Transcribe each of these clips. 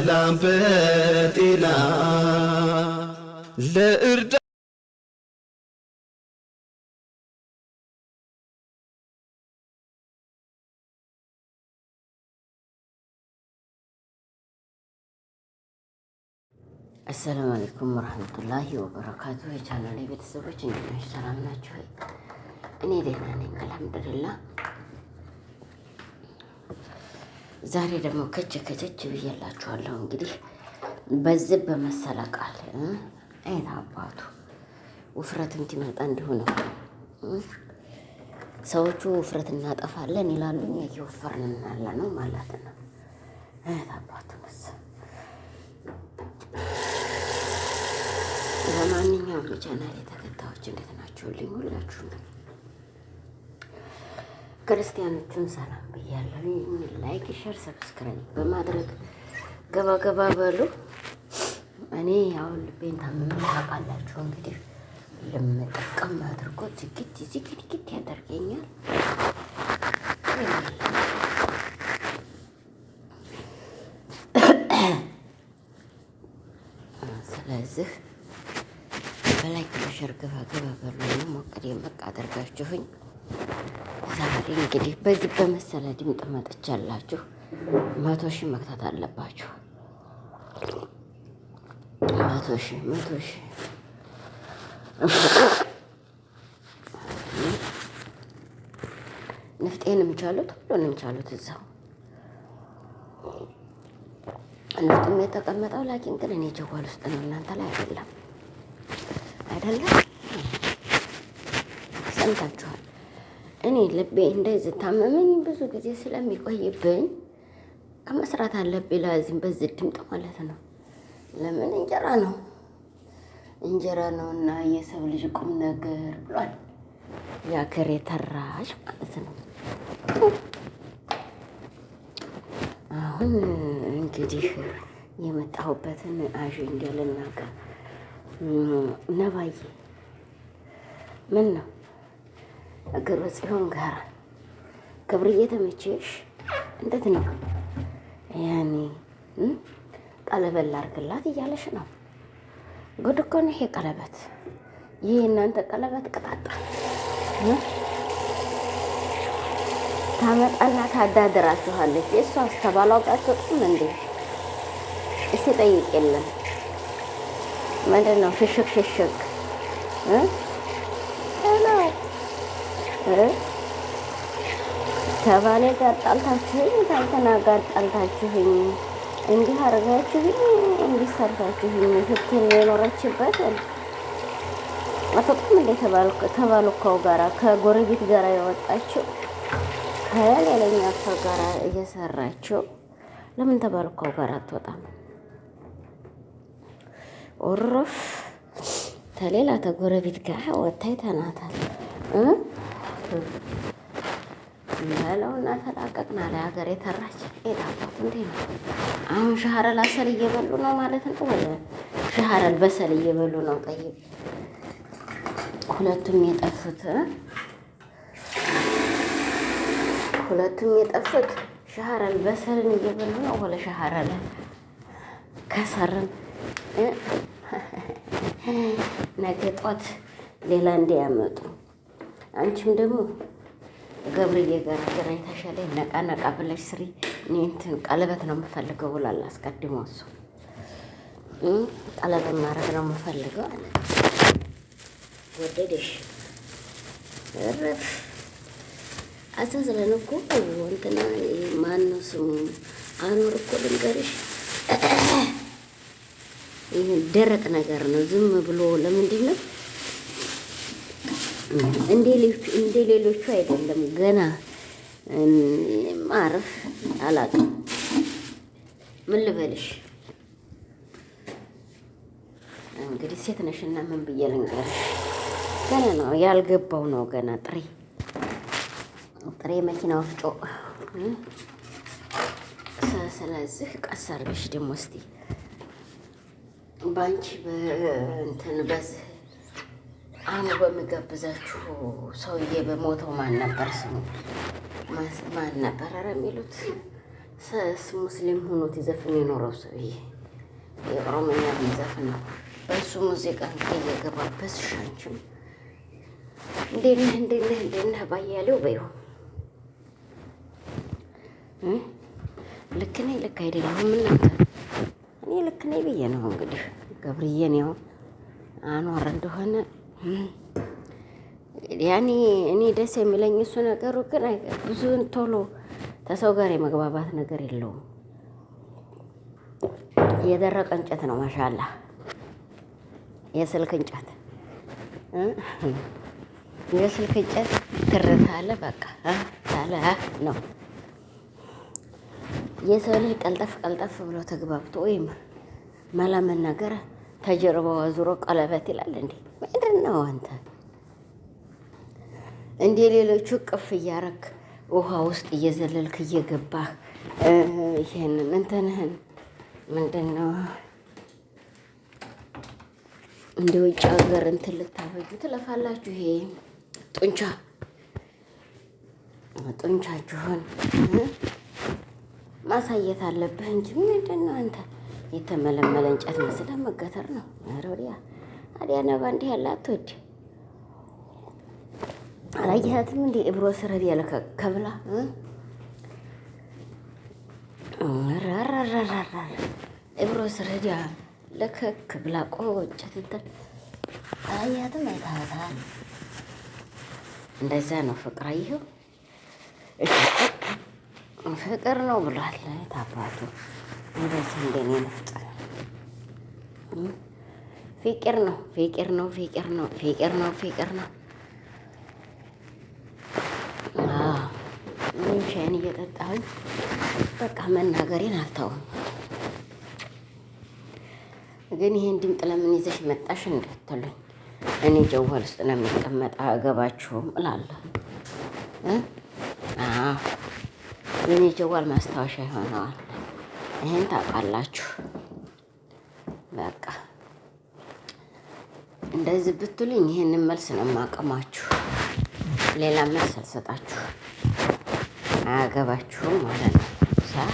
በሰላም በጤና ለእርዳ አሰላሙ አለይኩም ወረህመቱላሂ ወበረካቱ። የቻናሌ ቤተሰቦች እንዴት ናችሁ? ሰላም ናችሁ? እኔ ደህና ነኝ፣ አልሐምዱሊላህ ዛሬ ደግሞ ከች ከቸች ብዬላችኋለሁ። እንግዲህ በዚህ በመሰለ ቃል አይን አባቱ ውፍረትም ትመጣ እንዲሁ ነው። ሰዎቹ ውፍረት እናጠፋለን ይላሉ፣ እየወፈርን ያለ ነው ማለት ነው። አይን አባቱ መስ ለማንኛውም የቻናሌ ተከታዮች እንዴት ናችሁልኝ? ሁላችሁ ክርስቲያኖቹን ሰላም ብያለሁ። ላይክ ሸር፣ ሰብስክራይብ በማድረግ ገባ ገባ በሉ። እኔ አሁን ልቤን ታምሜ ታውቃላችሁ። እንግዲህ ልምጠቀም አድርጎ ዝግት ዝግትግት ያደርገኛል። ስለዚህ በላይክ ሸር ገባ ገባ በሉ። ሞቀዴ መቅ አድርጋችሁኝ ዛሬ እንግዲህ በዚህ በመሰለ ድምፅ መጥቻላችሁ። መቶ ሺህ መክታት አለባችሁ። መቶ ሺህ መቶ ሺህ ንፍጤንም ቻሉት፣ ሁሉንም ቻሉት። እዛው ንፍጥም የተቀመጠው ላኪን ግን እኔ ጀጓል ውስጥ ነው፣ እናንተ ላይ አይደለም። አይደለም ሰምታችኋል። እኔ ልቤ እንደዚህ ታመመኝ ብዙ ጊዜ ስለሚቆይብኝ ከመስራት አለብኝ። ለዚህም በዚህ ድምጥ ማለት ነው። ለምን እንጀራ ነው እንጀራ ነው እና የሰው ልጅ ቁም ነገር ብሏል የአገር የተራሽ ማለት ነው። አሁን እንግዲህ የመጣሁበትን አጀንዳ ልናገር ነባዬ ምን ነው እግር ጽዮን ጋር ክብርዬ ተመቼሽ? እንዴት ነው ያኔ ቀለበል አድርግላት እያለሽ ነው። ጉድ እኮ ነው ይሄ ቀለበት። ይህ የእናንተ ቀለበት ቅጣጣ ታመጣና ታዳድራችኋለች። የእሷ አስተባል አውቃቸው እንዴ እስቲ ጠይቅ የለም ምንድን ነው ሽሽቅ ሽሽቅ ከባሌ ጋር ጣልታችሁኝ፣ ታልተና ጋር ጣልታችሁኝ፣ እንዲህ አድርጋችሁኝ፣ እንዲህ ሰርታችሁኝ ፍትን የኖረችበት አቶቅም እንደ ተባሉካው ጋራ ከጎረቤት ጋራ የወጣችው ከሌላኛ ሰው ጋራ እየሰራችው ለምን ተባሉካው ጋራ አትወጣም? ኦሮፍ ተሌላ ተጎረቤት ጋር ወታይ ተናታል በለውና ተላቀቅን አለ ሀገር የተራች ኤዳባት እንዴ ነው አሁን ሻህረል አሰል እየበሉ ነው ማለት ነው። ወደ ሻህረል በሰል እየበሉ ነው። ቀይ ሁለቱም የጠፉት ሁለቱም የጠፉት ሻህረል በሰልን እየበሉ ነው። ወለ ሻህረል ከሰርን ነገ ጧት ሌላ እንዲያመጡ አንቺም ደግሞ ገብርዬ ጋር አገናኝታሻል። ነቃ ነቃ ብለሽ ስሪ። እኔ እንትን ቀለበት ነው የምፈልገው ብሏል። አስቀድሞ እሱ ቀለበት ማድረግ ነው የምፈልገው አለ። ወደደሽ ረፍ አሳዝለን እኮ እንትና ማነው ስሙ አኖር እኮ ልንገርሽ፣ ደረቅ ነገር ነው። ዝም ብሎ ለምንድን ነው እንደ ሌሎቹ አይደለም። ገና ማረፍ አላውቅም። ምን ልበልሽ እንግዲህ ሴት ነሽና ምን ብዬ ልንገርሽ? ገና ነው ያልገባው ነው ገና ጥሬ ጥሬ መኪና ወፍጮ። ስለዚህ ቀስ አድርገሽ ደግሞ እስኪ በአንቺ በእንትን በዚህ አሁን በምጋብዛችሁ ሰውዬ በሞተው ማን ነበር ስሙ? ማን ነበር ኧረ የሚሉት ስ ሙስሊም ሁኖት ይዘፍን የኖረው ሰውዬ የኦሮምኛ የሚዘፍን ነው። በእሱ ሙዚቃ እየገባበስ ሻንችም እንዴት ነህ እንዴት ባያሌው በይሁ ልክ ነኝ ልክ አይደለሁም እናንተ እኔ ልክ ነኝ ብዬ ነው እንግዲህ ገብርዬን ያው አኗር እንደሆነ ያኔ እኔ ደስ የሚለኝ እሱ ነገሩ ግን ብዙ ቶሎ ከሰው ጋር የመግባባት ነገር የለውም። የደረቀ እንጨት ነው ማሻላ የስልክ እንጨት የስልክ እንጨት ትርታለ በቃ ታለ ነው የሰው ልጅ ቀልጠፍ ቀልጠፍ ብሎ ተግባብቶ ወይም መላ መናገር ተጀርባዋ ዙሮ ቀለበት ይላል እንዴ! ምንድን ነው አንተ? እንደ ሌሎቹ ቅፍ እያረክ ውሃ ውስጥ እየዘለልክ እየገባህ ይህንን እንትንህን ምንድን ነው እንደ ውጭ ሀገር እንትን ልታበጁ ትለፋላችሁ። ይሄ ጡንቻ ጡንቻችሁን ማሳየት አለብህ እንጂ ምንድን ነው አንተ የተመለመለ እንጨት መስለ መገተር ነው። ኧረ ወዲያ አዲያ ነባ እንዲህ ያለ አትወድ አላየሃትም? እንዲ እብሮ ስረድ ያለ ከብላ እብሮ ስረድ ለከክ ብላ ቆጨት እንትን አላየሃትም? አይታታል። እንደዛ ነው ፍቅር። አየኸው ፍቅር ነው ብሏል ታባቱ እንደዚህ እንደኔ መፍጠር ፍቅር ነው፣ ፍቅር ነው፣ ፍቅር ነው፣ ፍቅር ነው፣ ፍቅር ነው። ሻይን እየጠጣሁኝ በቃ መናገሬን አልተውም። ግን ይሄን ድምፅ ለምን ይዘሽ መጣሽ እንዳትሉኝ፣ እኔ ጀዋል ውስጥ ነው የሚቀመጥ አገባችሁም እላለሁ። ጀዋል ማስታወሻ ይሆነዋል። ይሄን ታውቃላችሁ። በቃ እንደዚህ ብትሉኝ ይሄንን መልስ ነው የማቀማችሁ። ሌላ መልስ አልሰጣችሁ፣ አያገባችሁም ማለት ነው። ሳ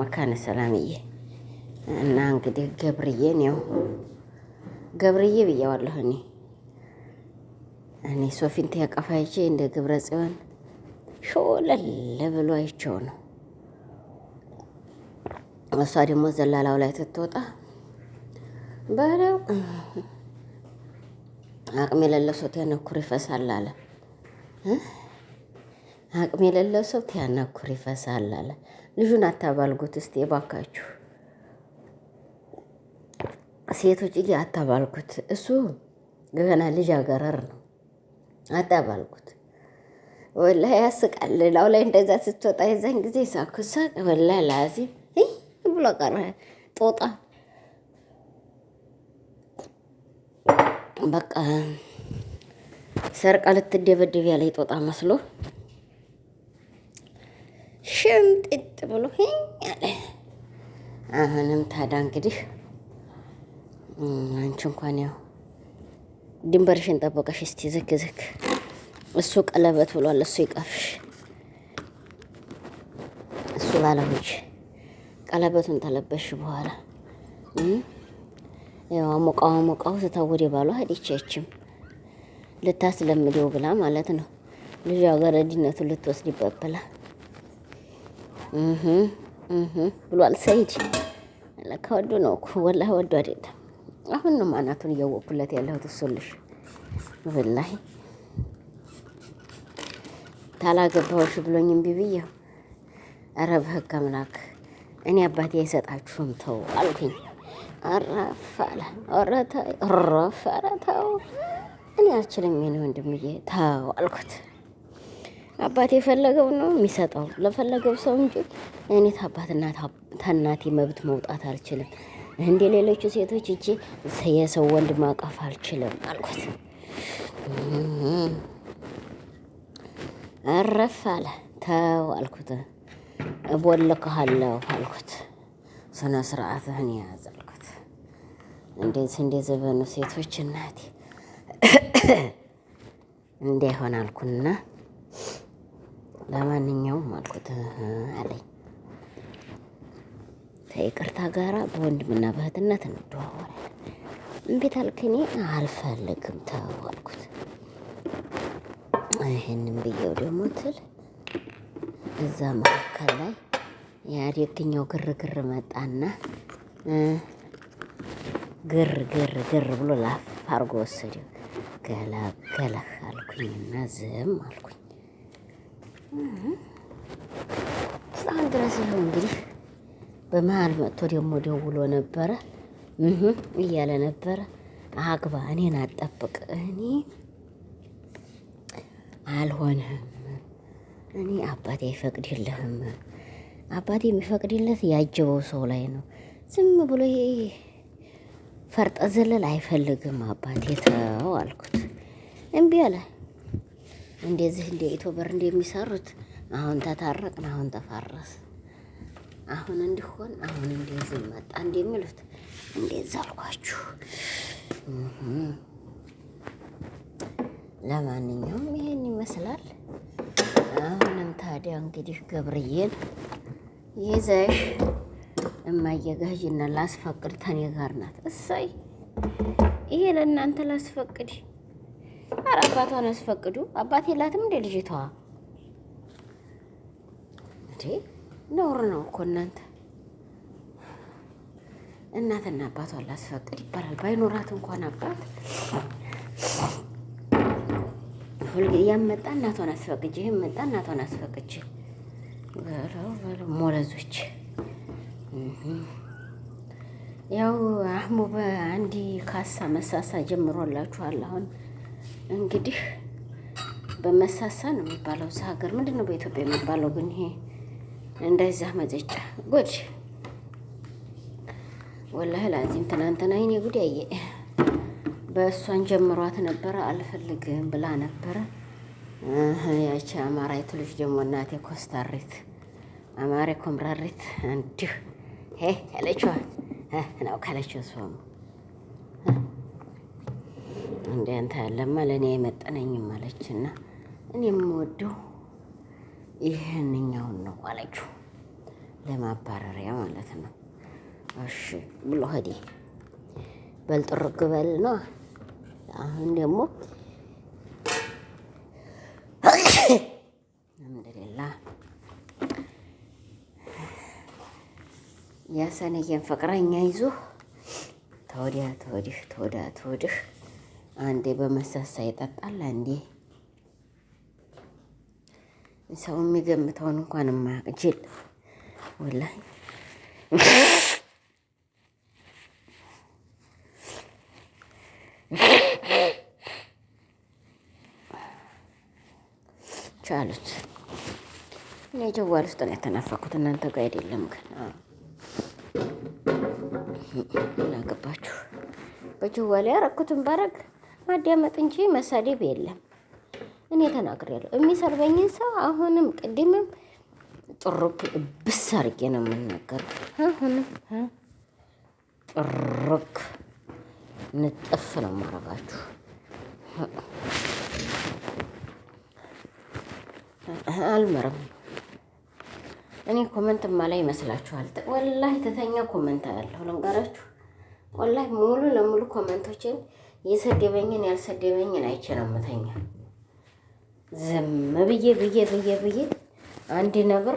መካነ ሰላምዬ እና እንግዲህ ገብርዬ ነው ገብርዬ ብያዋለሁ እኔ እኔ ሶፊን ተያቀፋይቼ እንደ ግብረ ጽዮን ሾለል ብሎ አይቼው ነው እሷ ደግሞ ዘላላው ላይ ስትወጣ በለው አቅም የሌለው ሰው ያነኩር ይፈሳል አለ። አቅም የሌለው ሰው ያነኩር ይፈሳል አለ። ልጁን አታባልጉት እስቲ የባካችሁ ሴቶች ጌ አታባልጉት። እሱ ገና ልጃገረድ ነው። አታባልጉት። ወላሂ ያስቃል። ላው ላይ እንደዛ ስትወጣ የዛን ጊዜ ሳኩሳቅ ወላሂ ላዚም ብሎ ቀረ። ጦጣ በቃ ሰርቃ ልትደበደብ ያለ ጦጣ መስሎ ሽምጥጥ ብሎ አለ። አሁንም ታዳ እንግዲህ አንቺ እንኳን ያው ድንበርሽን ጠበቀሽ። እስቲ ዝክ ዝክ እሱ ቀለበት ብሏል። እሱ ይቀፍሽ እሱ ባለሙች ቀለበቱን ተለበሽ በኋላ ያው አሞቃው አሞቃው ስታው ወደ ባሏ ሄደችም ልታስለምደው ብላ ማለት ነው። ልጃገረድነቱን ልትወስድበት ብላ ብሏል ሰይድ። ከወዱ ነው ወላ ወዶ አይደለም። አሁን ነው ማናቱን እያወቅኩለት ያለሁት እሱልሽ ወላሂ ታላገባሁሽ ብሎኝ እምቢ ብዬው። ኧረ በህግ አምላክ እኔ አባቴ አይሰጣችሁም ተው አልኩኝ። አራፋለ ተው እኔ አልችልም የኔ ወንድምዬ ተው አልኩት። አባቴ የፈለገው ነው የሚሰጠው ለፈለገው ሰው እንጂ እኔ ታባትና ታናቴ መብት መውጣት አልችልም። እንደ ሌሎቹ ሴቶች እጄ የሰው ወንድ ማቀፍ አልችልም አልኩት። አለ ተው አልኩት። እቦልክሃለሁ አልኩት። ስነ ስርዓትህን ያዝ አልኩት። እንዴት እንደ ዘበኑ ሴቶች እናቴ እንዳይሆን አልኩና ለማንኛውም አልኩት አለኝ። ከይቅርታ ጋራ በወንድምና በእህትነት እንደዋወራለን። እምቤት አልክኔ አልፈልግም ተው አልኩት። ይህንን ብየው ደግሞ ትል እዛ መካከል ላይ ያደግኛው ግርግር መጣና ግር ግር ግር ብሎ ላፍ አርጎ ወሰደው። ገላ ገለህ አልኩኝና ዝም አልኩኝ። እስካሁን ድረስ ይኸው እንግዲህ በመሀል መጥቶ ደግሞ ደውሎ ነበረ እያለ ነበረ። አግባ እኔን አጠብቅ እኔ አልሆንህም እኔ አባቴ አይፈቅድልህም። አባቴ የሚፈቅድለት ያጀበው ሰው ላይ ነው። ዝም ብሎ ይሄ ፈርጠ ዘለል አይፈልግም አባቴ ተው አልኩት። እምቢ አለ። እንደዚህ እንደ ኢትዮበር እንደሚሰሩት አሁን ተታረቅን፣ አሁን ተፋረስ፣ አሁን እንዲሆን፣ አሁን እንደዚህ መጣ እንደሚሉት እንደዛ አልኳችሁ። ለማንኛውም ይሄን ይመስላል። ታዲያ እንግዲህ ገብርዬን ይዘሽ እማዬ ጋ ላስፈቅድ ተኔ ጋር ናት። እሰይ ይሄ ለእናንተ ላስፈቅድ። ኧረ አባቷን አስፈቅዱ። አባት የላትም እንደ ልጅቷ እንዴ! ነውር ነው እኮ እናንተ። እናትና አባቷን ላስፈቅድ ይባላል። ባይኖራት እንኳን አባት ያም መጣ እናቷን አስፈቅጅ፣ ይህም መጣ እናቷን አስፈቅጅ። በለው በለው ሞለዞች ያው አህሙ በአንድ ካሳ መሳሳ ጀምሮላችኋል። አሁን እንግዲህ በመሳሳ ነው የሚባለው እዛ ሀገር ምንድን ነው በኢትዮጵያ የሚባለው ግን ይሄ እንደዛ መጨጫ ጉድ ወላሂ ላዚም ትናንትና ይኔ ጉድ ያየ በእሷን ጀምሯት ነበረ። አልፈልግም ብላ ነበረ። ያቺ አማራዊቱ ልጅ ደግሞ እናቴ ኮስታሪት አማሬ ኮምራሪት እንዲሁ ሄ ያለችዋ ነው ካለችው ሰሆኑ እንደ አንተ ያለማ ለእኔ አይመጠነኝም አለች እና እኔ የምወደው ይህንኛውን ነው አለችው። ለማባረሪያ ማለት ነው። እሺ ብሎ ሄደ። በልጥርግ በል ነው አሁን ደግሞ አልሐምዱሊላህ ያሰነየን ፍቅረኛ ይዞ ተወዲያ ተወዲህ ተወዲያ ተወዲህ አንዴ በመሳሳ ይጠጣል፣ አንዴ ሰው የሚገምተውን እንኳን ማያቅ ጅል ወላሂ ጉድጓድ ውስጥ ነው የተናፈኩት። እናንተ ጋር አይደለም። ግን ምን በጅዋ ላይ ያረኩትን ባረግ ማዳመጥ እንጂ መሳደብ የለም። እኔ ተናግሬያለሁ። የሚሰርበኝን ሰው አሁንም ቅድምም ጥሩብ ብስ አርጌ ነው የምናገረው። አሁንም ጥሩክ ንጥፍ ነው ማረጋችሁ። አልመረም እኔ ኮመንት ማላይ ይመስላችኋል? ወላ ተተኛ ኮመንት አያለሁ ልንገራችሁ። ወላ ሙሉ ለሙሉ ኮመንቶችን የሰደበኝን ያልሰደበኝን አይቼ ነው የምተኛ። ዝም ብዬ ብዬ ብዬ ብዬ አንድ ነብር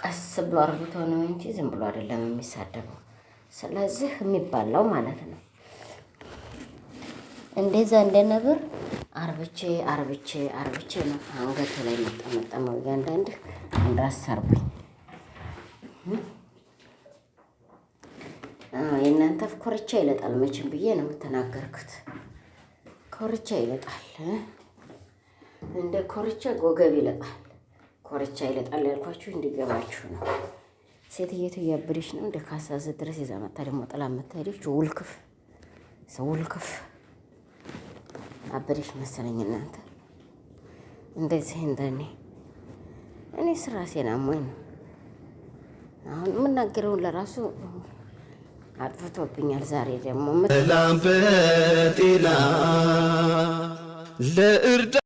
ቀስ ብሎ አርግቶ ነው እንጂ ዝም ብሎ አይደለም የሚሳደበው። ስለዚህ የሚባለው ማለት ነው እንደዛ እንደ ነብር አርብቼ አርብቼ አርብቼ ነው አንገት ላይ መጠመጠመው። እያንዳንድ እንዳሰርቡኝ የእናንተ ኮርቻ ይለጣል መቼም ብዬ ነው የምተናገርኩት። ኮርቻ ይለጣል፣ እንደ ኮርቻ ጎገብ ይለጣል። ኮርቻ ይለጣል ያልኳችሁ እንዲገባችሁ ነው። ሴትየቱ እያብድሽ ነው እንደ ካሳዘ ድረስ የዛ መታ ደግሞ ጥላ መታሄደች ውልክፍ ሰው ውልክፍ አበደሽ መሰለኝ እናንተ እንደዚህ እንደኔ። እኔ ስራሴን ሞኝ ነው አሁን የምናገረውን ለራሱ አጥፍቶብኛል። ዛሬ ደግሞ ላምበጤና ለእርዳ